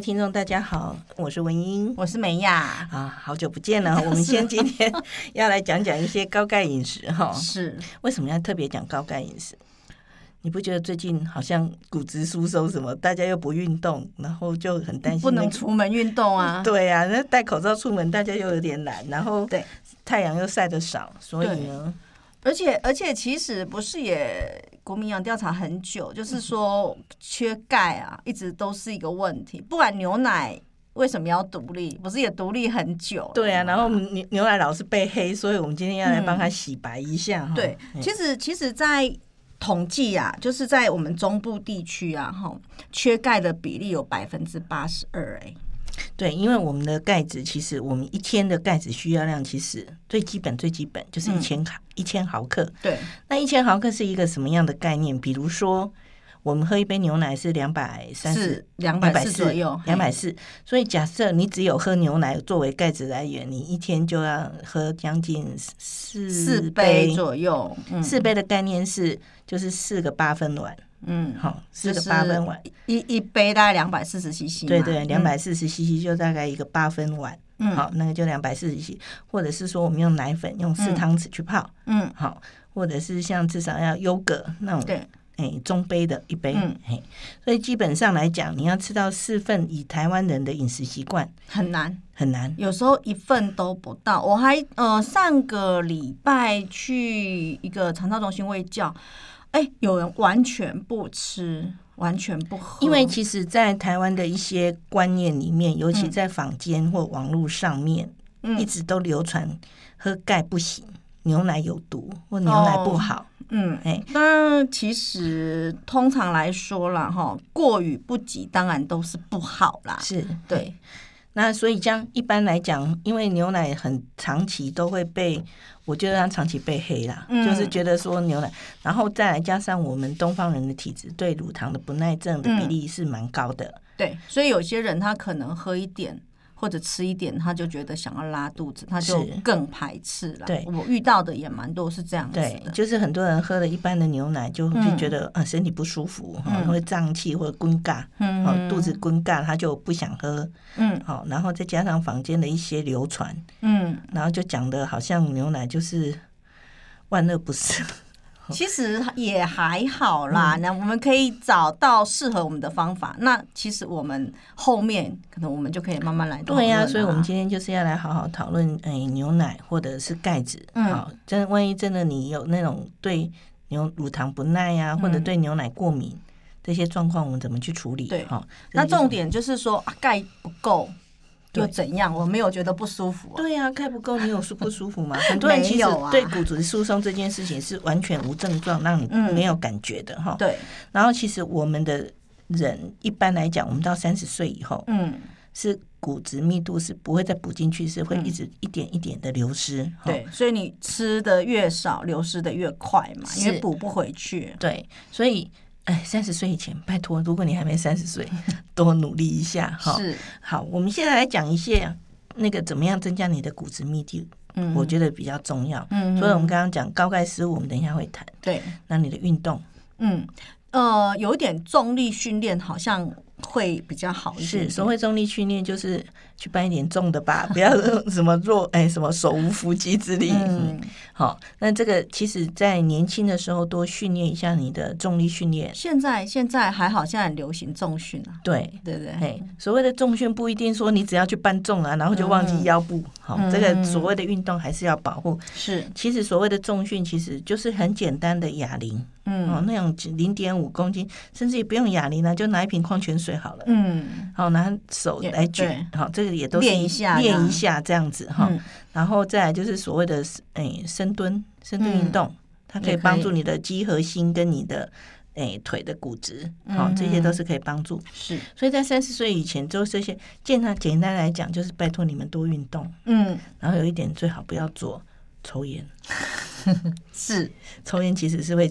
聽眾大家好，我是文音，我是美雅啊，好久不見了。啊、我們先今天要來講講一些高鈣飲食哈， 是為什麼要特別講高鈣飲食？你不覺得最近好像骨質疏鬆什麼，大家又不運動，然後就很擔心、那個，不能出門運動啊？對呀、啊，那戴口罩出門，大家又有點懶，然後對太陽又曬得少，對所以呢，而且而且其實不是也，國民營養調查很久，就是說缺鈣啊，嗯、一直都是一個問題。不管牛奶為什麼要獨立，不是也獨立很久？對啊，然後牛牛奶老是被黑，所以我們今天要來幫它洗白一下。嗯、吼對，其實其實，在統計啊，就是在我們中部地區啊，哈，缺鈣的比例有百分之八十二。欸對，因為我們的鈣質，其實我們一天的鈣質需要量，其實最基本最基本就是一千卡，嗯、一千毫克。對，那一千毫克是一個什麼樣的概念？比如說，我們喝一杯牛奶是兩百三十，兩百四左右，兩百四。所以假設你只有喝牛奶作為鈣質來源，你一天就要喝將近四杯四杯左右。嗯、四杯的概念是，就是四個八分碗。嗯，好，四個八分碗一一杯大概兩百四十 cc，對對，兩百四十 cc 就大概一個八分碗。嗯，好，那個就兩百四十 cc，或者是說我們用奶粉用四湯匙去泡，嗯，嗯好，或者是像至少要優格那種，對，哎，中杯的一杯，嗯、嘿，所以基本上來講，你要吃到四份，以台灣人的飲食習慣很難很難，很難有時候一份都不到。我還呃上個禮拜去一個腸道中心胃教，哎、欸，有人完全不吃，完全不喝，因為其實，在台灣的一些觀念裡面，尤其在坊間或網路上面，嗯、一直都流傳喝鈣不行，牛奶有毒或牛奶不好。哦、嗯，哎、欸，那其實通常來說啦哈，過與不及當然都是不好啦，是對。那所以這樣一般來講，因為牛奶很長期都會被，我覺得它長期被黑啦，嗯，就是覺得說牛奶，然後再來加上我們東方人的體質對乳糖的不耐症的比例是蠻高的，嗯，對，所以有些人他可能喝一點。或者吃一點，他就覺得想要拉肚子，他就更排斥了。對，我遇到的也蠻多是這樣子。對，就是很多人喝了一般的牛奶，就就覺得、嗯、啊身體不舒服，嗯、會脹氣或者咕嘎，肚子咕嘎，他就不想喝。嗯、哦，然後再加上坊間的一些流傳，嗯，然後就講的好像牛奶就是萬惡不赦。其實也還好啦，嗯、那我們可以找到適合我們的方法。那其實我們後面可能我們就可以慢慢來討論、啊、對呀、啊，所以我們今天就是要來好好討論、欸，牛奶或者是鈣質，好、嗯哦，真萬一真的你有那種對牛乳糖不耐呀、啊，或者對牛奶過敏、嗯、這些狀況，我們怎麼去處理？對，哦這個就是、那重點就是說鈣、啊、不夠。對又怎樣？我沒有覺得不舒服、啊。對呀、啊，鈣不夠，你有說不舒服嗎？呵呵很多人其實對骨質疏鬆這件事情是完全無症狀，嗯、讓你沒有感覺的哈。對。然後其實我們的人一般來講，我們到三十歲以後，嗯，是骨質密度是不會再補進去，是會一直一點一點的流失。嗯哦、對，所以你吃的越少，流失的越快嘛，是因為補不回去。對，所以。哎，三十歲以前，拜託，如果你還沒三十歲，多努力一下哈。是好，我們現在來講一些那個怎麼樣增加你的骨質密度，嗯，我覺得比較重要。嗯哼，所以我們剛剛講高鈣食物，我們等一下會談。對，那你的運動，嗯呃，有一點重力訓練，好像。會比較好一是，所謂重力訓練就是去搬一點重的吧， 不要什麼弱哎，什麼手無縛雞之力，嗯嗯。好，那這個其實，在年輕的時候多訓練一下你的重力訓練。現在現在還好，現在很流行重訓啊。對對對，嘿，所謂的重訓不一定說你只要去搬重了，啊，然後就忘記腰部。嗯、好，嗯、這個所謂的運動還是要保護。是，其實所謂的重訓其實就是很簡單的啞鈴。嗯，哦，那樣零點五公斤，甚至也不用啞鈴了，就拿一瓶礦泉水好了。嗯，好，拿手來捲，好，這個也都練一下，練一下這樣子哈。然後再來就是所謂的誒深蹲，深蹲運動，它可以幫助你的肌核心跟你的誒腿的骨質，好，這些都是可以幫助。是，所以在三十歲以前，就這些健康簡單來講，就是拜託你們多運動。嗯，然後有一點最好不要做抽菸，是抽菸其實是會。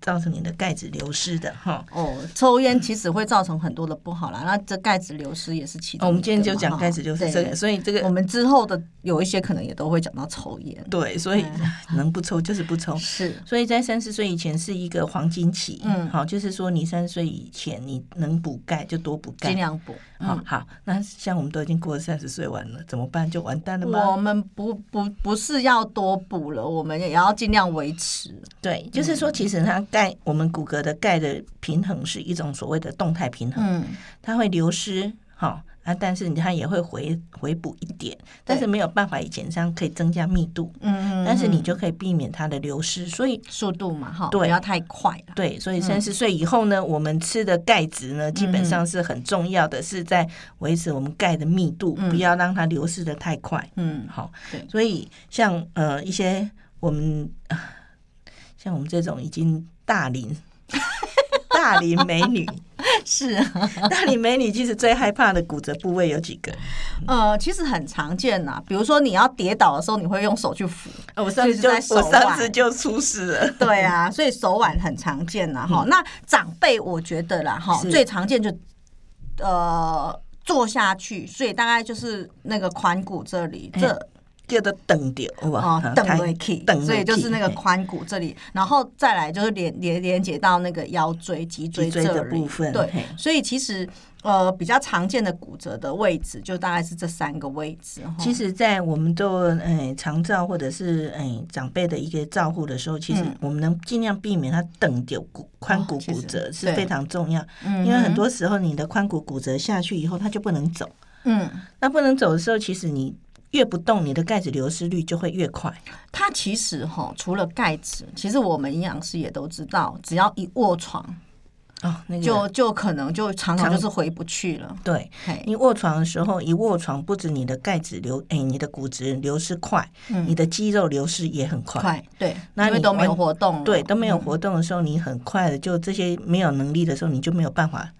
造成你的鈣質流失的哈哦，抽煙其實會造成很多的不好啦。嗯、那這鈣質流失也是其中、哦。我們今天就講鈣質流失，所以這個我們之後的有一些可能也都會講到抽煙。對，所以能不抽就是不抽。是對，所以在三十歲以前是一個黃金期。嗯，好，就是說你三十歲以前你能補鈣就多補鈣，儘量補。好、哦、好，那像我們都已經過了三十歲，完了，怎麼辦？就完蛋了嗎？我們不不不是要多補了，我們也要盡量維持。對，就是說，其實它鈣，我們骨骼的鈣的平衡是一種所謂的動態平衡，嗯、它會流失。好，那、哦啊、但是你它也會回回補一點，對但是沒有辦法以前這樣可以增加密度，嗯，嗯，嗯，但是你就可以避免它的流失，所以速度嘛，哈對，不要太快，對，所以三十歲以後呢，嗯、我們吃的鈣質呢，基本上是很重要的，是在維持我們鈣的密度，嗯嗯不要讓它流失的太快，嗯，好，對，所以像呃一些我們像我們這種已經大齡。 大齡美女是大齡美女，美女其實最害怕的骨折部位有幾個？呃，其實很常見吶。比如說你要跌倒的時候，你會用手去扶，呃、我上次就，就我上次就出事了。對啊，所以手腕很常見吶。哈、嗯，那長輩我覺得啦，哈，是最常見就呃坐下去，所以大概就是那個髖骨這裡這。欸叫做等掉，啊，等等，所以就是那個髖骨這裡，然後再來就是連連連接到那個腰椎、脊椎這部分，對，所以其實呃比較常見的骨折的位置，就大概是這三個位置。其實，在我們做哎長照或者是哎長輩的一個照護的時候，其實我們能盡量避免他等掉骨髖骨骨折是非常重要，因為很多時候你的髖骨骨折下去以後，他就不能走。嗯，那不能走的時候，其實你。越不動，你的鈣質流失率就會越快。它其實齁，除了鈣質，其實我們營養師也都知道，只要一臥床，哦，那個、就就可能就常常就是回不去了。對，嘿你臥床的時候，一臥床不止你的鈣質流，哎、欸，你的骨質流失快，嗯、你的肌肉流失也很快。嗯、你對，那你都沒有活動，對都沒有活動的時候，你很快的就這些沒有能力的時候，嗯、你就沒有辦法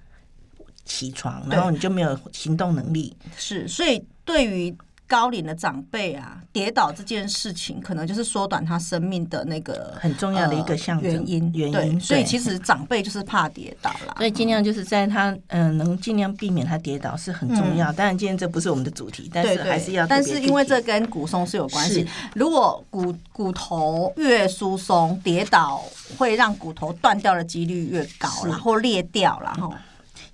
起床，然後你就沒有行動能力。對是，所以對於。高齡的長輩啊，跌倒這件事情，可能就是縮短他生命的那個很重要的一個原因。原因對，所以其實長輩就是怕跌倒了，所以儘量就是在他嗯，能儘量避免他跌倒是很重要。當然今天這不是我們的主題，但是還是要。但是因為這跟骨鬆是有關係，如果骨骨頭越疏鬆，跌倒會讓骨頭斷掉的幾率越高，然後裂掉了，然後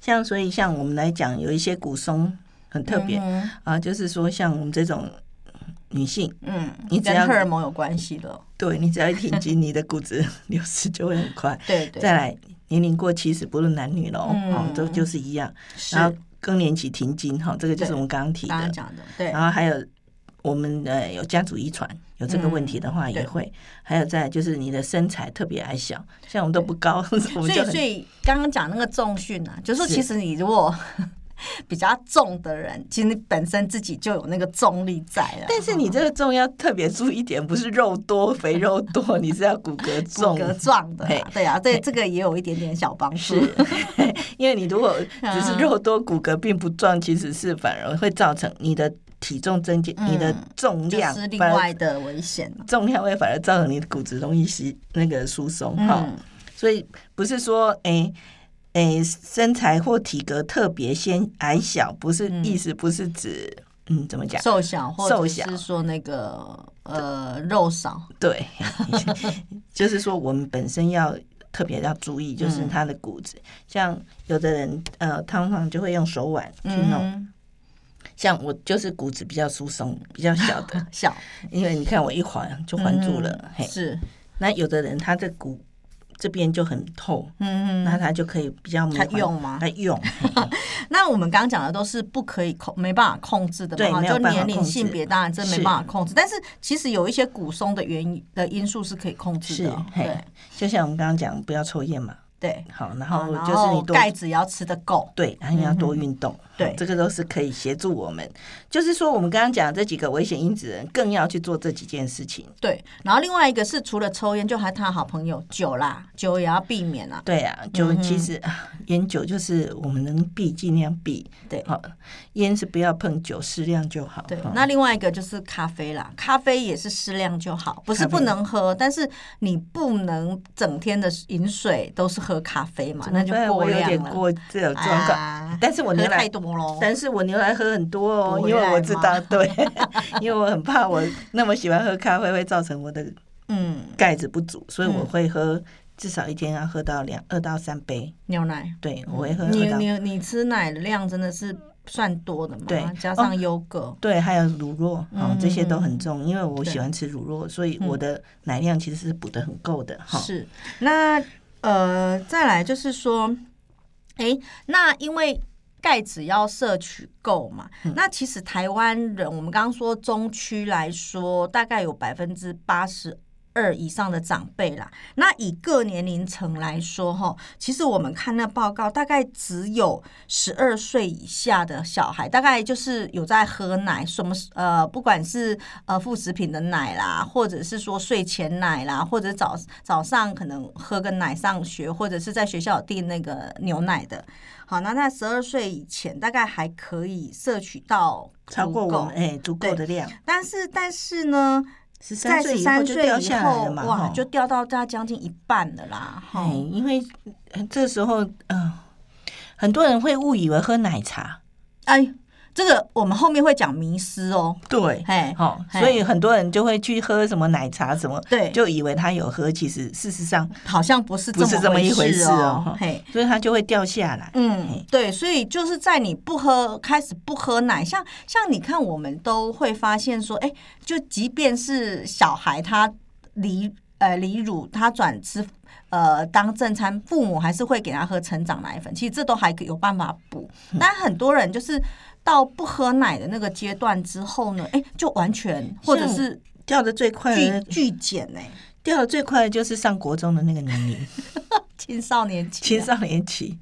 像所以像我們來講，有一些骨鬆。很特別啊，就是說像我們這種女性，嗯，你只要荷爾蒙有關係的，對，你只要一停經，你的骨質流失就會很快。對對，再來年齡過七十，不論男女嘍，哦，都就是一樣。然後更年期停經，哈，這個就是我們剛剛提的。講的對，然後還有我們的有家族遺傳，有這個問題的話也會。還有再就是你的身材特別矮小，像我們都不高，所以所以剛剛講那個重訓啊，就是其實你如果。比較重的人，其實你本身自己就有那個重力在了。但是你這個重要特別注意一點，不是肉多、 肥肉多，你是要骨骼重、骨骼壯的。嘿對啊，對嘿這個也有一點點小幫助是。 因為你如果只是肉多，骨骼並不壯，其實是反而會造成你的體重增加，嗯、你的重量是另外的危險。重量會反而造成你的骨質容易是那個疏鬆哈、嗯哦。所以不是說哎。欸誒、欸，身材或體格特別纖矮小，不是意思不是指，嗯，嗯，怎麼講？瘦小，或瘦小是說那個呃肉少。對， 就是說我們本身要特別要注意，就是他的骨質。嗯、像有的人，呃，通常就會用手腕去弄。嗯、像我就是骨質比較疏鬆，比較小的，小。 因為你看我一環就環住了。嗯、嘿是。那有的人他的骨。這邊就很透，嗯，嗯。那它就可以比較，它用嗎？它用。那我們剛剛講的都是不可以控、沒辦法控制的，對，沒有年齡、性別，當然真沒辦法控制。但是其實有一些骨鬆的原因的因素是可以控制的，對。就像我們剛剛講，不要抽煙嘛。對，好，然後就是你多，鈣質也要吃得夠，對，然後你要多運動。對，這個都是可以協助我們。就是說，我們剛剛講的這幾個危險因子更要去做這幾件事情。對，然後另外一個是除了抽菸，就還他好朋友酒啦，酒也要避免啦、啊。對啊，酒其實、嗯哼啊、菸酒就是我們能避盡量避。對，好、哦、菸是不要碰酒，酒適量就好。對，嗯、那另外一個就是咖啡啦，咖啡也是適量就好，不是不能喝，啡但是你不能整天的飲水都是喝咖啡嘛，那就過量了。我有點過這樣狀況，啊、但是我喝太多。但是我牛奶喝很多哦，因為我知道，對，因為我很怕我那麼喜歡喝咖啡會造成我的嗯鈣質不足，嗯、所以我會喝至少一天要喝到兩二到三杯牛奶。對，我會喝。嗯、你喝到你你,你吃奶的量真的是算多的嘛？對，加上優格、哦，對，還有乳酪，嗯、哦，這些都很重，因為我喜歡吃乳酪，對所以我的奶量其實是補得很夠的哈。嗯哦、是，那呃，再來就是說，哎，那因為。鈣只要攝取夠嘛，嗯、那其實台灣人，我們剛剛說中區來說，大概有百分之八十二以上的長輩啦，那以各年齡層來說，哈，其實我們看那個報告，大概只有十二歲以下的小孩，大概就是有在喝奶，什麼呃，不管是呃副食品的奶啦，或者是說睡前奶啦，或者早早上可能喝個奶上學，或者是在學校訂那個牛奶的。好，那在十二歲以前，大概還可以攝取到足夠超過夠，哎、欸，足夠的量。但是，但是呢？十三歲以後就掉下來了嘛，就掉到大將近一半了啦。嗯哦，因為這時候嗯，呃，很多人會誤以為喝奶茶哎。這個我們後面會講迷思哦，對，好嘿，所以很多人就會去喝什麼奶茶什麼，對，就以為他有喝，其實事實上好像不是這麼、哦、不是這麼一回事哦，嘿，所以他就會掉下來，嗯，嘿對，所以就是在你不喝，開始不喝奶，像像你看，我們都會發現說，欸、就即便是小孩他離呃離乳他轉，他轉吃呃當正餐，父母還是會給他喝成長奶粉，其實這都還有辦法補，嗯、但很多人就是。到不喝奶的那個階段之後呢，哎、欸，就完全或者是掉的最快的，那個，巨巨減呢。掉的最快的就是上國中的那個年齡， 青少年期，啊。青少年期，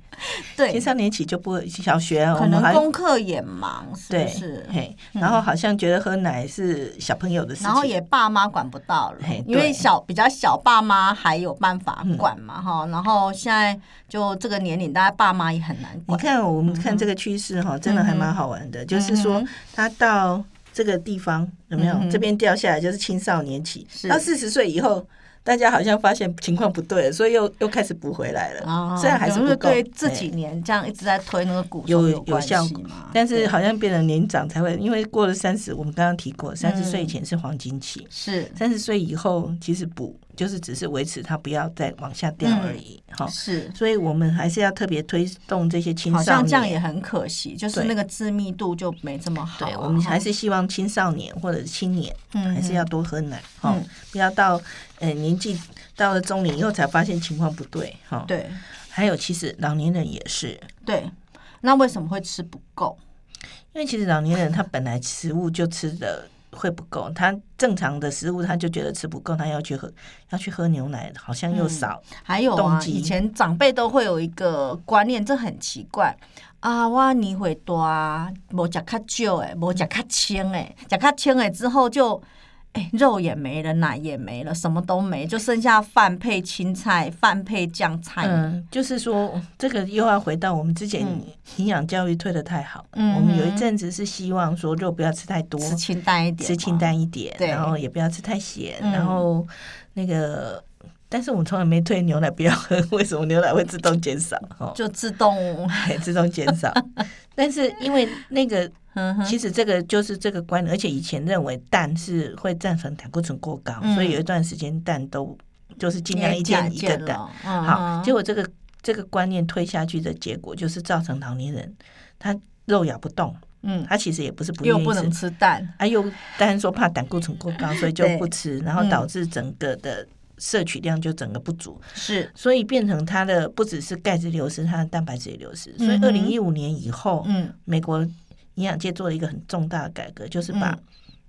對，青少年期就不小學，我們還可能功課也忙，是不是？對，嗯、然後好像覺得喝奶是小朋友的事情，然後也爸媽管不到了，因為小比較小，爸媽還有辦法管嘛，哈、嗯。然後現在就這個年齡，大家爸媽也很難管。你看我們看這個趨勢哈，嗯、真的還蠻好玩的，嗯、就是說他到。這個地方有沒有？嗯、哼這邊掉下來就是青少年期，是到四十歲以後。大家好像發現情況不對了，所以又又開始補回來了。哦，雖然還是不夠，對，這幾年這樣一直在推那個骨鬆有關係嗎？有，有效果，對但是好像變成年長才會，對因為過了三十，我們剛剛提過，三十歲以前是黃金期，是三十歲以後其實補就是只是維持它不要再往下掉而已。好、嗯，齁是，所以我們還是要特別推動這些青少年，好像這樣也很可惜，就是那個致密度就沒這麼好，啊。對，好，我們還是希望青少年或者是青年，嗯，還是要多喝奶，嗯哼不要到。誒、欸，年紀到了中年以後，才發現情況不對哈。對，還有其實老年人也是。對，那為什麼會吃不夠？因為其實老年人他本來食物就吃的會不夠，他正常的食物他就覺得吃不夠，他要去喝要去喝牛奶，好像又少。嗯、還有、啊、機以前長輩都會有一個觀念，這很奇怪啊，我年紀大，我食較少誒、欸，我食較清誒、欸，食、嗯、較清誒、欸、之後就。哎，肉也沒了，奶也沒了，什麼都沒，就剩下飯配青菜，飯配醬菜。嗯，就是說這個又要回到我們之前營養教育推得太好。嗯，我們有一陣子是希望說肉不要吃太多，吃清淡一點，吃清淡一點，哦、然後也不要吃太鹹，對然後那個，但是我們從來沒推牛奶不要喝，為什麼牛奶會自動減少？哦、就自動還自動減少， 但是因為那個。嗯、其實這個就是這個觀念，而且以前認為蛋是會造成膽固醇過高，嗯、所以有一段時間蛋都就是盡量一天一個蛋。嗯、好，結果這個這個觀念推下去的結果，就是造成老年人他肉咬不動。嗯，他其實也不是不願意，不吃蛋他、啊、又擔說，怕膽固醇過高，所以就不吃，對然後導致整個的攝取量就整個不足。嗯、是，所以變成他的不只是鈣質流失，他的蛋白質也流失。所以二零一五年以後，嗯，美、嗯、國。營養界做了一個很重大的改革，就是把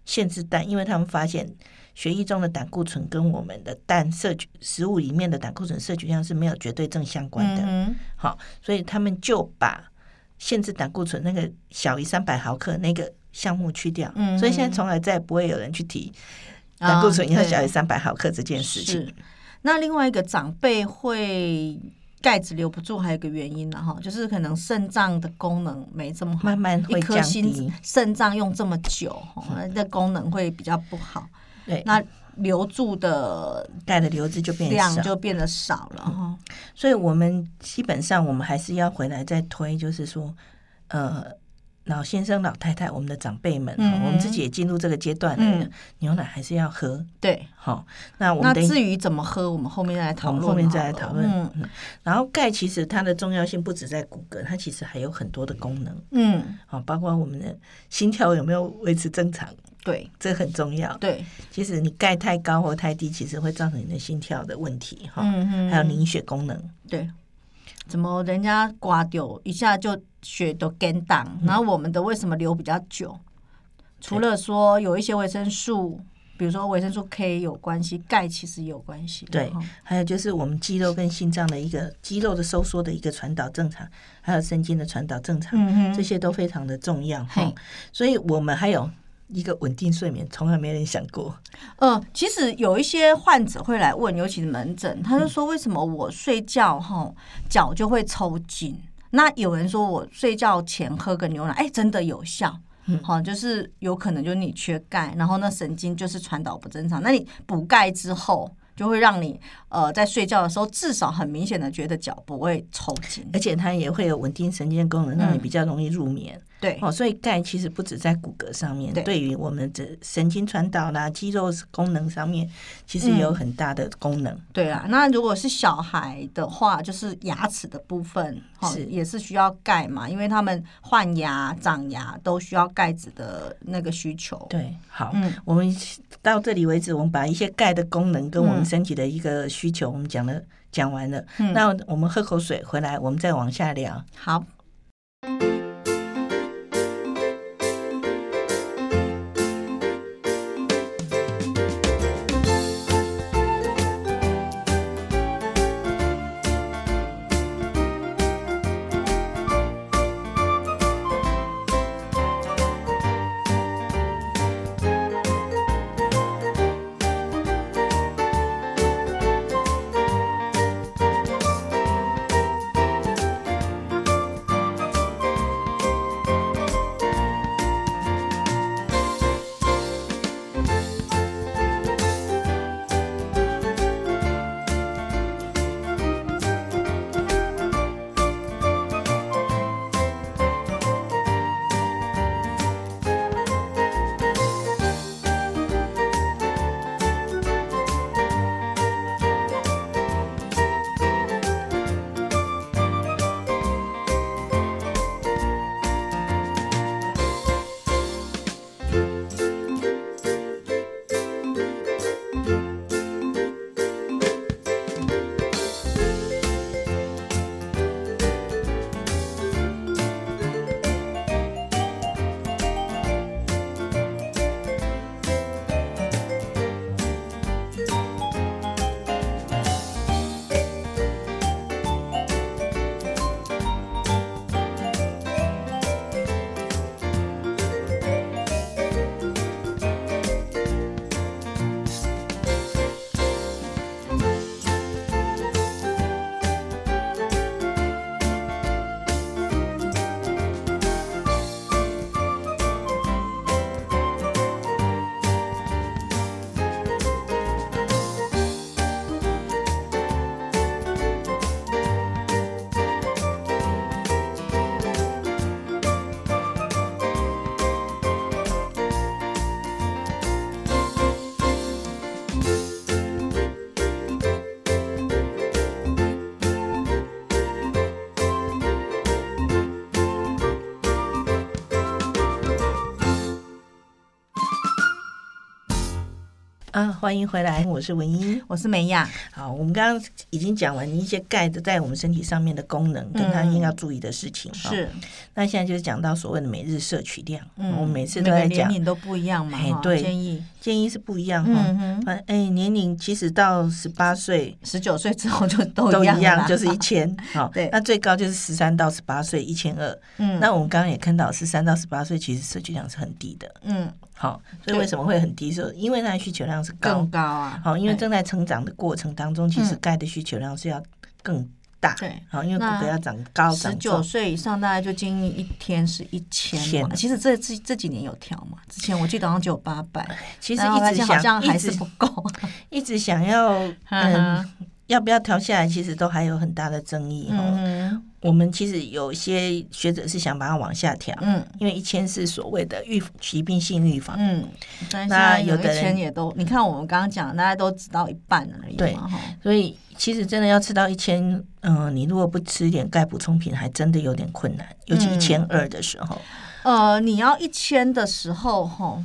限制蛋，嗯，因為他們發現血液中的膽固醇跟我們的蛋攝取食物裡面的膽固醇攝取量是沒有絕對正相關的。嗯嗯，好，所以他們就把限制膽固醇那個小於三百毫克那個項目去掉。嗯嗯，所以現在從來再也不會有人去提膽固醇要小於三百毫克這件事情，啊。那另外一個長輩會。鈣質留不住，還有一個原因呢，哈，就是可能腎臟的功能沒這麼好，慢慢會降低。腎臟用這麼久，的那的功能會比較不好。對那留住的鈣的離子就變量就變得少了哈。所以我們基本上，我們還是要回來再推，就是說，呃。老先生、老太太，我們的長輩們，我們自己也進入這個階段了，牛奶還是要喝。對，好，那我們至於怎麼喝，我們後面再來討論，後面再來討論。然後鈣其實它的重要性不止在骨骼，它其實還有很多的功能。嗯，好，包括我們的心跳有沒有維持正常？對，這很重要。對，其實你鈣太高或太低，其實會造成你的心跳的問題。哈，嗯，還有凝血功能。對。怎麼人家刮掉一下就血都乾掉，嗯、然後我們的為什麼流比較久？嗯、除了說有一些維生素，比如說維生素 K 有關係，鈣其實也有關係。對，後還有就是我們肌肉跟心臟的一個肌肉的收縮的一個傳導正常，還有神經的傳導正常，嗯、哼這些都非常的重要。哈，所以我們還有一個穩定睡眠，從來沒人想過。嗯、呃，其實有一些患者會來問，尤其是門診，他就說：“為什麼我睡覺後、哦、腳就會抽筋？”那有人說：“我睡覺前喝個牛奶，哎，真的有效。”嗯，好，就是有可能就是你缺鈣，然後那神經就是傳導不正常。那你補鈣之後，就會讓你呃在睡覺的時候至少很明顯的覺得腳不會抽筋，而且它也會有穩定神經的功能，讓你比較容易入眠。嗯對哦，所以鈣其實不只在骨骼上面，對，對於我們的神經傳導啦、肌肉功能上面，其實也有很大的功能。嗯、對啊，那如果是小孩的話，就是牙齒的部分、哦、是也是需要鈣嘛，因為他們換牙、長牙都需要鈣質的那個需求。對，好，嗯、我們到這裡為止，我們把一些鈣的功能跟我們身體的一個需求，我們講了、嗯、講完了。嗯、那我們喝口水回來，我們再往下聊。好。啊，歡迎回來！我是文音，我是美雅。好，我們剛剛已經講完一些鈣在我們身體上面的功能，跟它應該要注意的事情。是，那現在就是講到所謂的每日攝取量。嗯，我們每次都在講，年齡都不一樣嘛。對，建議建議是不一樣哈。嗯嗯。哎，年齡其實到十八歲、十九歲之後就都都一樣，就是一千。好，對，那最高就是十三到十八歲一千二。嗯，那我們剛剛也看到十三到十八歲，其實攝取量是很低的。嗯。好、哦，所以為什麼會很低？是對因為它的需求量是高更高啊。好、哦，因為正在成長的過程當中，嗯、其實鈣的需求量是要更大。對，好，因為骨骼要長高。十九歲以上大概就建議一天是一千,千其實這這這幾年有調嘛，之前我記得好像只有八百。其實一直想，還是不夠，一直想要嗯。呵呵要不要調下來？其實都還有很大的爭議哈。嗯、我們其實有些學者是想把它往下調，嗯，因為一千是所謂的預防疾病性預防，嗯，那有的人也都，嗯、你看我們剛剛講，大家都只到一半而已對，所以，所以其實真的要吃到一千，嗯，你如果不吃一點鈣補充品，還真的有點困難，尤其一千二的時候，呃，你要一千的時候，哈。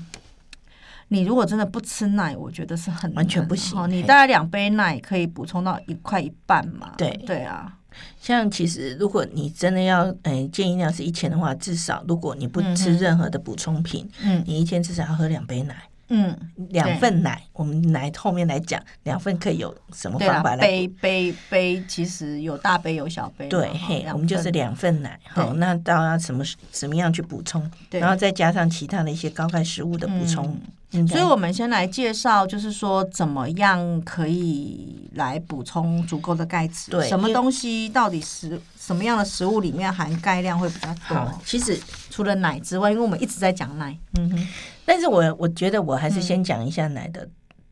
你如果真的不吃奶，我覺得是很完全不行。哦，你大概兩杯奶可以補充到一塊一半嘛？對對啊，像其實如果你真的要呃，建議量是一千的話，至少如果你不吃任何的補充品，嗯，你一天至少要喝兩杯奶，嗯，兩份奶。我們奶後面來講，兩份可以有什麼方法來補杯杯杯，其實有大杯有小杯，對，我們就是兩份奶。好，那到底要什麼什麼樣去補充？對，然後再加上其他的一些高鈣食物的補充。嗯，所以我們先來介紹，就是說怎麼樣可以來補充足夠的鈣質？對，什麼東西到底食，什麼樣的食物裡面含鈣量會比較多？好其實除了奶之外，因為我們一直在講奶，嗯哼，但是我我覺得我還是先講一下奶的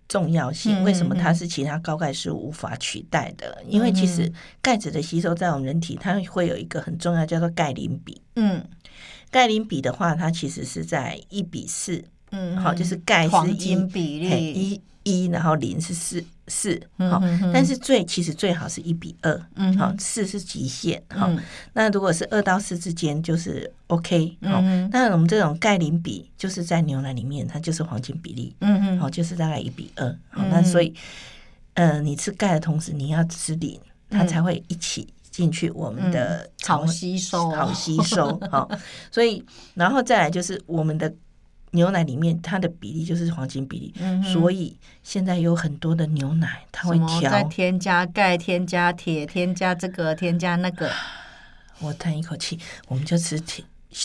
重要性，嗯、為什麼它是其他高鈣食物無法取代的？嗯嗯、因為其實鈣質的吸收在我們人體，它會有一個很重要叫做鈣磷比，嗯，鈣磷比的話，它其實是在一比四。嗯，好，就是鈣是黃金比例一一，然後磷是四四，好，但是最其實最好是一比二，嗯，好四是極限，好，那如果是二到四之間就是 OK，好。那我們這種鈣磷比就是在牛奶裡面它就是黃金比例，嗯嗯，好就是大概一比二，好那所以，呃，你吃鈣的同時你要吃磷，它才會一起進去我們的好吸收好吸收，好。所以然後再來就是我們的。牛奶裡面它的比例就是黃金比例，嗯、哼所以現在有很多的牛奶它會調，再添加鈣、添加鐵、添加這個、添加那個。我嘆一口氣，我們就吃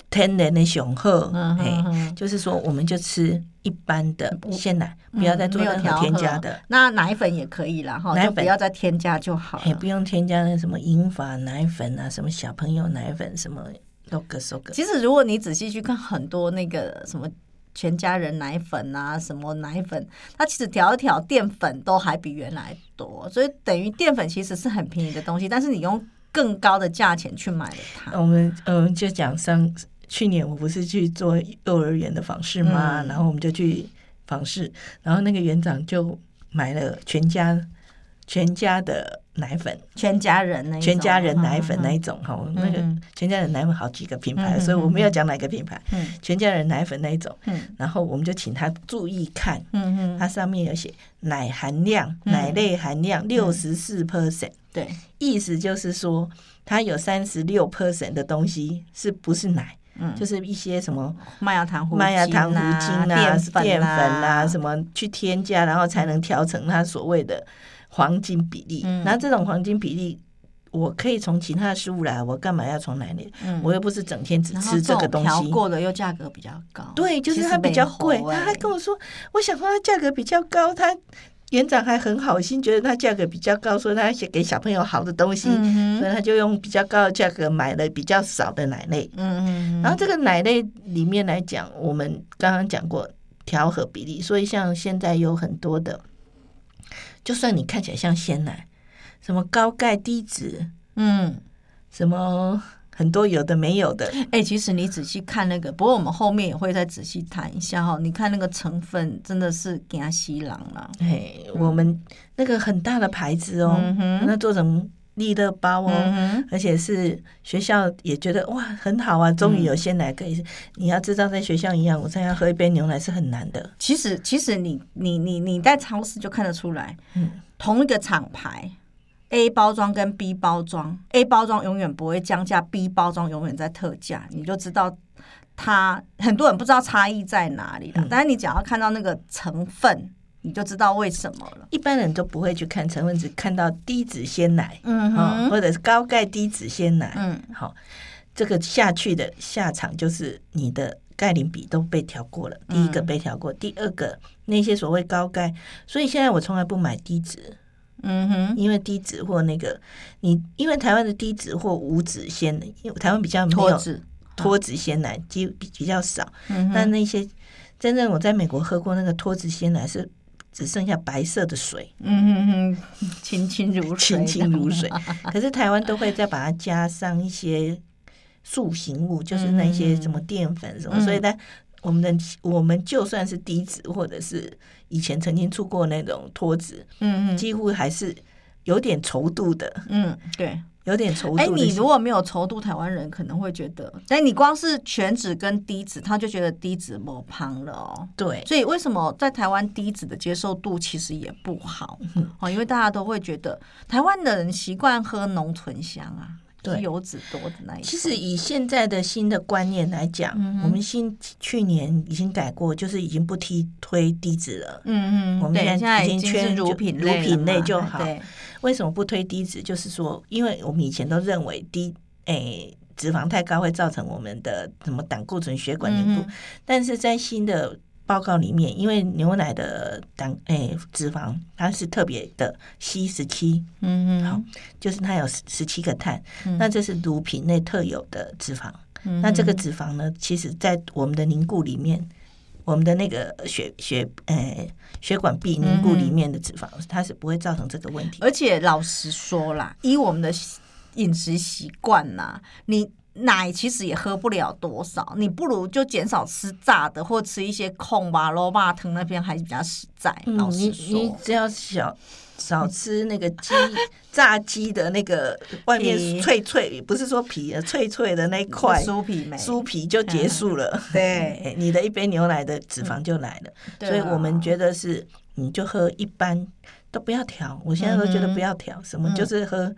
天然的雄鶴、嗯欸，就是說我們就吃一般的鮮奶，不，不要再做任何添加的。嗯、那奶粉也可以了，奶粉不要再添加就好了，也、欸，不用添加那什麼英法奶粉啊，什麼小朋友奶粉，什麼都各說各。個其實如果你仔細去看很多那個什麼。全家人奶粉啊，什麼奶粉？它其實調一調澱粉都還比原來多，所以等於澱粉其實是很便宜的東西，但是你用更高的價錢去買了它。我們嗯，就講上去年我不是去做幼兒園的訪視嘛，嗯、然後我們就去訪視，然後那個園長就買了全家全家的。奶粉，全家人全家人奶粉那一種哈，那個全家人奶粉好幾個品牌，所以我沒有講哪個品牌。嗯，全家人奶粉那一種。嗯，然後我們就請他注意看，嗯，它上面有寫奶含量，奶類含量六十四 percent，對，意思就是說它有三十六 percent 的東西是不是奶？嗯，就是一些什麼麥芽糖、麥芽糖糊精啊、澱粉啊什麼去添加，然後才能調成它所謂的。黃金比例，那、嗯、這種黃金比例，我可以從其他的食物來，我幹嘛要從奶類？嗯、我又不是整天只吃這個東西。調過了又價格比較高，對，就是它比較貴。他、欸、還跟我說，我想說它價格比較高，他園長還很好心，覺得它價格比較高，說他給小朋友好的東西，嗯、哼所以他就用比較高的價格買了比較少的奶類。嗯、哼然後這個奶類裡面來講，我們剛剛講過調和比例，所以像現在有很多的。就算你看起來像鮮奶，什麼高鈣低脂，嗯，什麼很多有的沒有的，哎、欸，其實你仔細看那個，不過我們後面也會再仔細談一下哈、哦。你看那個成分真的是嚇死人了，嘿、欸，嗯、我們那個很大的牌子哦，那、嗯、哼做成。利樂包哦，嗯、哼而且是學校也覺得哇很好啊，終於有鮮奶可以。嗯、你要知道，在學校營養午餐要喝一杯牛奶是很難的。其實，其實你你你你在超市就看得出來，嗯、同一個廠牌 A 包裝跟 B 包裝，A 包裝永遠不會降價，B 包裝永遠在特價，你就知道它很多人不知道差異在哪裡了，嗯、但是你只要看到那個成分。你就知道為什麼了。一般人都不會去看成分，只看到低脂鮮奶，嗯哼或者是高鈣低脂鮮奶，嗯，好，這個下去的下場就是你的鈣磷比都被調過了。第一個被調過，嗯、第二個那些所謂高鈣，所以現在我從來不買低脂，嗯哼，因為低脂或那個你，因為台灣的低脂或無脂鮮，因為台灣比較沒有脫脂鮮奶，就、嗯、哼比較少，嗯哼，但那些真正我在美國喝過那個脫脂鮮奶是。只剩下白色的水，嗯嗯嗯，清清如水，清清如水。 可是台灣都會再把它加上一些塑形物，就是那些什麼澱粉什麼。嗯、哼所以呢，我們的我們就算是低脂，或者是以前曾經出過那種脫脂，嗯，幾乎還是有點稠度的，嗯，對。有點稠度。哎、欸，你如果沒有稠度，台灣人可能會覺得，但、欸、你光是全脂跟低脂，他就覺得低脂磨胖了哦、喔。對，所以為什麼在台灣低脂的接受度其實也不好？哦、嗯哼，因為大家都會覺得台灣的人習慣喝濃醇香啊。對油脂多的那一種，其實以現在的新的觀念來講，嗯、哼我們新去年已經改過，就是已經不提推低脂了。嗯嗯哼，我們現在對已經圈乳，乳品類就好。為什麼不推低脂？就是說，因為我們以前都認為低誒、欸、脂肪太高會造成我們的什麼膽固醇血管凝固，嗯、哼但是在新的。報告裡面，因為牛奶的蛋誒、欸、脂肪，它是特別的 C 十七、嗯哼，嗯嗯，好，就是它有十七個碳，嗯、那這是乳品內特有的脂肪。嗯、哼那這個脂肪呢，其實在我們的凝固裡面，我們的那個血血誒、欸、血管壁凝固裡面的脂肪，嗯、它是不會造成這個問題。而且老實說啦，依我們的飲食習慣啦，你。奶其實也喝不了多少，你不如就減少吃炸的，或吃一些控吧。羅曼騰那邊還是比較實在，嗯、老實說你，你只要少少吃那個雞、啊、炸雞的那個外面脆脆，皮不是說皮，脆脆的那塊酥皮沒酥皮就結束了。嗯、對，你的一杯牛奶的脂肪就來了。了所以我們覺得是，你就喝一般都不要調，我現在都覺得不要調，嗯、什麼就是喝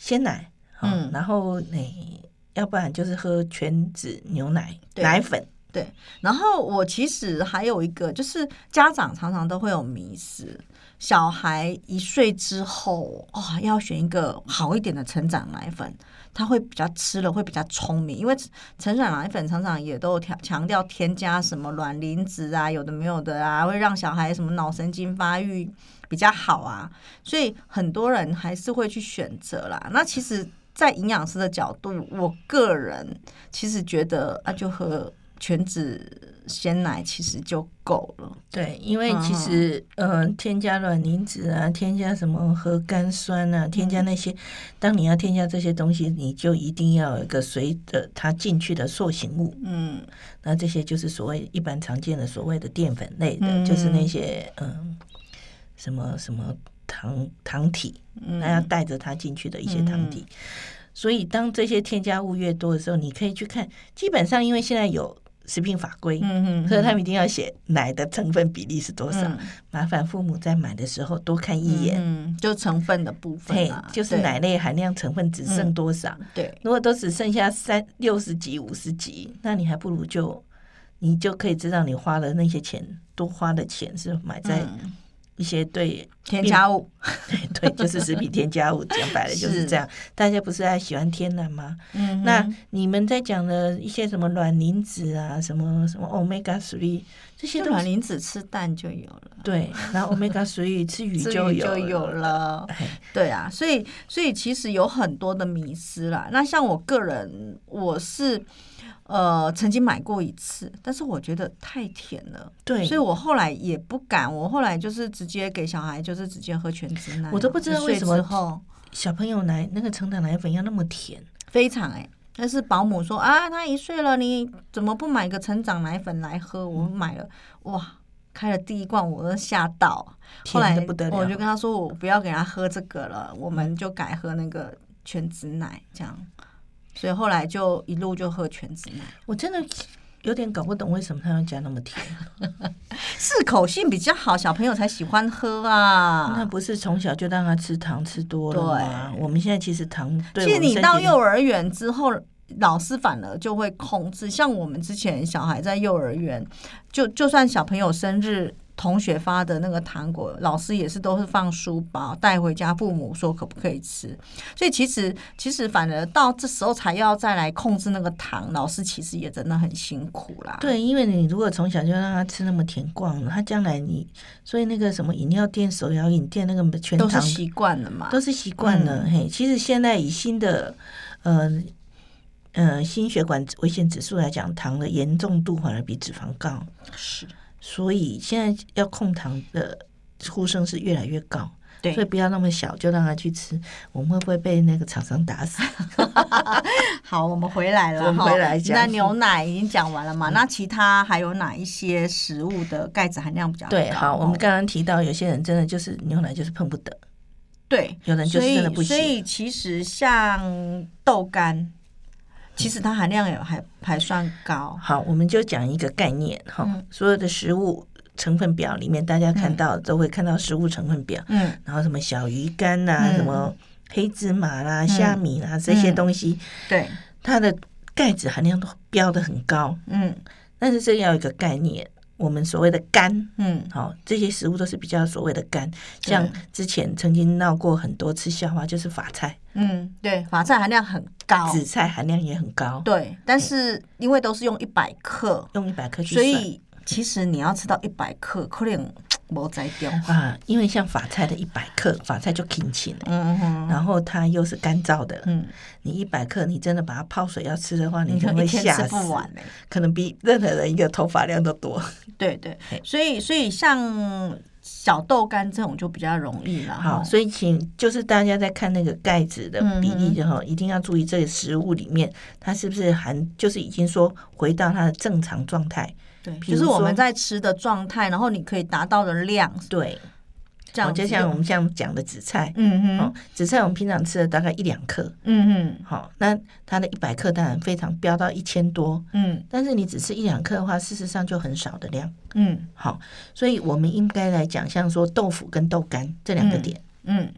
鮮奶，嗯、哦，然後你。欸要不然就是喝全脂牛奶，對奶粉。對，然後我其實還有一個，就是家長常常都會有迷思，小孩一歲之後，啊、哦，要選一個好一點的成長奶粉，他會比較吃了會比較聰明。因為成長奶粉常常也都有強強調添加什麼卵磷脂啊，有的沒有的啊，會讓小孩什麼腦神經發育比較好啊。所以很多人還是會去選擇啦。那其實。在營養師的角度，我個人其實覺得啊，就喝全脂鮮奶其實就夠了。對，因為其實、嗯、呃，添加卵磷脂啊，添加什麼核苷酸啊，添加那些，嗯、當你要添加這些東西，你就一定要有一個隨着它進去的塑形物。嗯，那這些就是所謂一般常見的所謂的澱粉類的，嗯、就是那些嗯、呃，什麼什麼。糖糖體，那要帶着它進去的一些糖體，嗯嗯、所以當這些添加物越多的時候，你可以去看。基本上，因為現在有食品法規、嗯，嗯，所以他們一定要寫奶的成分比例是多少。嗯、麻煩父母在買的時候多看一眼，嗯，就成分的部分、啊，哎，就是奶類含量成分只剩多少？嗯、對，如果都只剩下三六十幾、五十幾，那你還不如就你就可以知道你花了那些錢，多花的錢是買在。嗯一些對添加恰物，對，對，就是食品添加物， 講白了就是這樣。是大家不是還喜歡天然嗎？嗯哼，那你們在講的一些什麼卵磷脂啊，什麼什麼 omega three，這些卵磷脂吃蛋就有了。對，然後 omega three 吃魚就就有了。對啊，所以所以其實有很多的迷思啦。那像我個人，我是。呃，曾經買過一次，但是我覺得太甜了，對，所以我後來也不敢。我後來就是直接給小孩，就是直接喝全脂奶。我都不知道為什麼小朋友奶那個成長奶粉要那麼甜，嗯、非常誒、欸。但是保姆說啊，他一歲了，你怎麼不買個成長奶粉來喝？我買了，嗯、哇，開了第一罐，我都嚇到。後來我就跟他說，我不要給他喝這個了，我們就改喝那個全脂奶，這樣。所以後來就一路就喝全脂奶，我真的有點搞不懂為什麼他要加那麼甜，適 口性比較好，小朋友才喜歡喝啊。那不是從小就讓他吃糖吃多了嗎？對我們現在其實糖，其實你到幼兒園之後，嗯、老師反而就會控制。像我們之前小孩在幼兒園，就就算小朋友生日。同學發的那個糖果，老師也是都是放書包帶回家，父母說可不可以吃？所以其實其實反而到這時候才要再來控制那個糖，老師其實也真的很辛苦啦。對，因為你如果從小就讓他吃那麼甜慣了，他將來你所以那個什麼飲料店、手搖飲店那個全都是習慣了嘛，都是習慣了。對嘿，其實現在以新的呃呃心血管危險指數來講，糖的嚴重度反而比脂肪高。是。所以現在要控糖的呼聲是越來越高，對，所以不要那麼小就讓他去吃，我們會不會被那個廠商打死？ 好，我們回來了，我們回來講。那牛奶已經講完了嘛？嗯，那其他還有哪一些食物的鈣質含量比較高？對，好，我們剛剛提到有些人真的就是牛奶就是碰不得，對，有人就是真的不行。所以，所以其實像豆乾。其實它含量也還還算高。好，我們就講一個概念，哈。嗯、所有的食物成分表裡面，大家看到、嗯、都會看到食物成分表。嗯，然後什麼小魚乾吶、啊、嗯、什麼黑芝麻啦、啊、嗯、蝦米啊、嗯、這些東西，對、嗯，它的鈣質含量都標的很高。嗯，但是這要有一個概念。我們所謂的乾，嗯，好，這些食物都是比較所謂的乾，嗯、像之前曾經鬧過很多次笑話，就是法菜，嗯，對，法菜含量很高，紫菜含量也很高，對，但是因為都是用一百克，嗯、用一百克去，所以其實你要吃到一百克，可能。無在掉啊，因為像髮菜的一百克，髮菜就挺輕，嗯哼然後它又是乾燥的，嗯、你一百克，你真的把它泡水要吃的話，你就會嚇死，不完可能比任何人一個頭髮量都多。對，對對，嘿所以所以像小豆乾這種就比較容易了。哈好，嗯、哼所以請就是大家在看那個鈣質的比例的時候，嗯、哼一定要注意這個食物裡面它是不是含，就是已經說回到它的正常狀態。對，就是我們在吃的狀態，然後你可以達到的量，對。這樣好，就像我們這樣講的紫菜，嗯嗯哼，紫菜我們平常吃的大概一兩克，嗯嗯哼，好，那它的一百克當然非常飆到一千多，嗯，但是你只吃一兩克的話，事實上就很少的量，嗯，好，所以我們應該來講，像說豆腐跟豆干這兩個點嗯，嗯，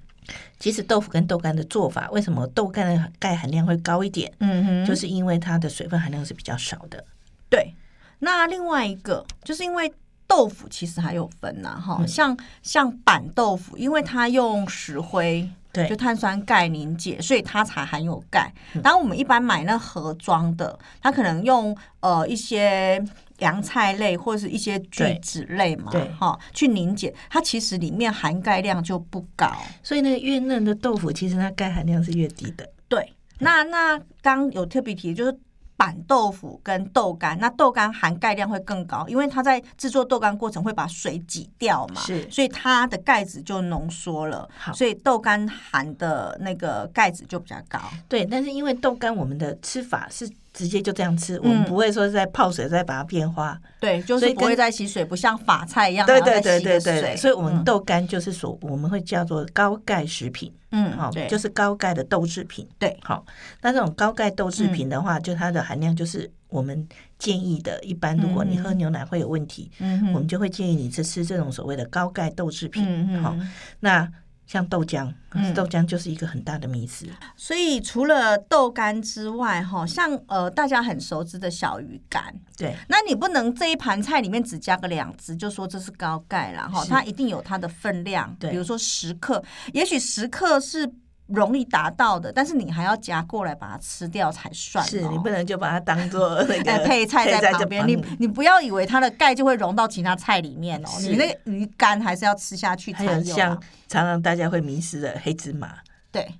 其實豆腐跟豆干的做法，為什麼豆干的鈣含量會高一點？嗯哼就是因為它的水分含量是比較少的，對。那另外一個就是因為豆腐其實還有分吶，哈，像、嗯、像板豆腐，因為它用石灰對就碳酸鈣凝結，所以它才含有鈣。嗯、當我們一般買那盒裝的，它可能用呃一些洋菜類或者是一些聚酯類嘛，哈，對去凝結，它其實裡面含鈣量就不高，所以那個越嫩的豆腐其實它鈣含量是越低的。對，嗯、那那剛有特別提就是。板豆腐跟豆乾，那豆乾含鈣量會更高，因為它在製作豆干過程會把水擠掉嘛，是，所以它的鈣質就濃縮了，好，所以豆干含的那個鈣質就比較高。對，但是因為豆乾我們的吃法是。直接就這樣吃，我們不會說再泡水，再把它變化。對，就是不會再洗水，不像髮菜一樣，對對對對對，所以我們豆干就是所我們會叫做高鈣食品。嗯，好，就是高鈣的豆製品。對，好，那這種高鈣豆製品的話，就它的含量就是我們建議的。一般如果你喝牛奶會有問題，嗯，我們就會建議你吃吃這種所謂的高鈣豆製品。嗯嗯，好，那。像豆漿，豆漿就是一個很大的迷思、嗯。所以除了豆干之外，哈，像呃大家很熟知的小魚乾，對，那你不能這一盤菜裡面只加個兩隻，就說這是高鈣啦哈，是它一定有它的分量，對，比如說十克，也許十克是，容易達到的，但是你還要夾過來把它吃掉才算哦。是你不能就把它當做那個配菜在旁邊。 你你不要以為它的鈣就會融到其他菜裡面哦。是你那個魚乾還是要吃下去才有。還有像常常大家會迷失的黑芝麻，對。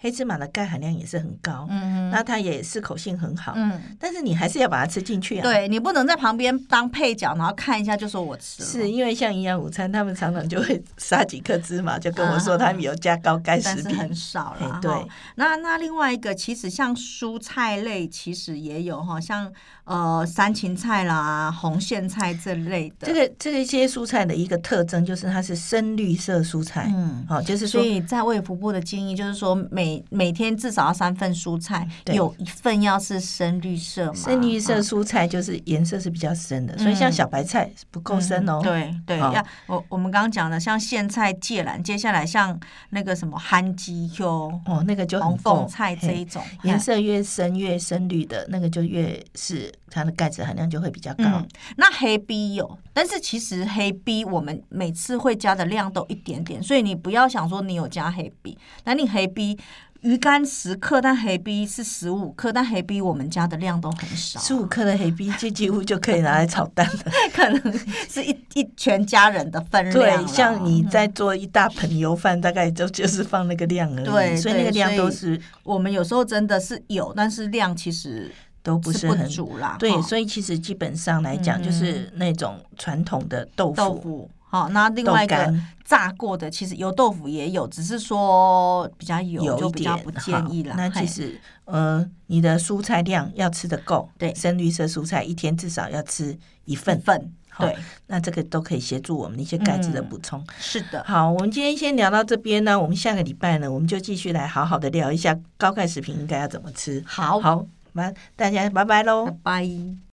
黑芝麻的鈣含量也是很高，嗯，那它也是口性很好，嗯，但是你還是要把它吃進去啊，對，你不能在旁邊當配角，然後看一下就說我吃了，是因為像營養午餐，他們常常就會撒幾顆芝麻，就跟我說他們有加高鈣食品，很少了，對，那那另外一個，其實像蔬菜類，其實也有哈，像。呃，山芹菜啦、紅莧菜這類的，這個這一些蔬菜的一個特徵就是它是深綠色蔬菜。嗯，好、哦，就是所以在衛福部的建議就是說，每每天至少要三份蔬菜，對有一份要是深綠色嘛。深綠色蔬菜就是顏色是比較深的，嗯、所以像小白菜是不夠深哦。對、嗯嗯、對，對哦、要我我們剛剛講的像莧菜、芥藍，接下來像那個什麼含雞 Q 哦，那個就很紅鳳菜這一種，顏色越深越深綠的嘿那個就越是。它的鈣質含量就會比較高。嗯、那黑 B 有，但是其實黑 B 我們每次會加的量都一點點，所以你不要想說你有加黑 B。那你黑 B 魚乾十克，但黑 B 是十五克，但黑 B 我們加的量都很少、啊。十五克的黑 B，這幾乎就可以拿來炒蛋了。 可能是一一全家人的分量。對，像你在做一大盆油飯，嗯、大概就就是放那個量而已。對，對所以那個量都是以我們有時候真的是有，但是量其實。都不是很煮啦，對，所以其實基本上來講，就是那種傳統的豆腐，好，那另外一個炸過的其實油豆腐也有，只是說比較油，就比較不建議了。嘿 那其實，呃，你的蔬菜量要吃得夠，對，深綠色蔬菜一天至少要吃一份份，對，那這個都可以協助我們的一些鈣質的補充。嗯、是的，好，我們今天先聊到這邊呢，我們下個禮拜呢，我們就繼續來好好的聊一下高鈣食品應該要怎麼吃。好，好。唔，大家拜拜囉，拜。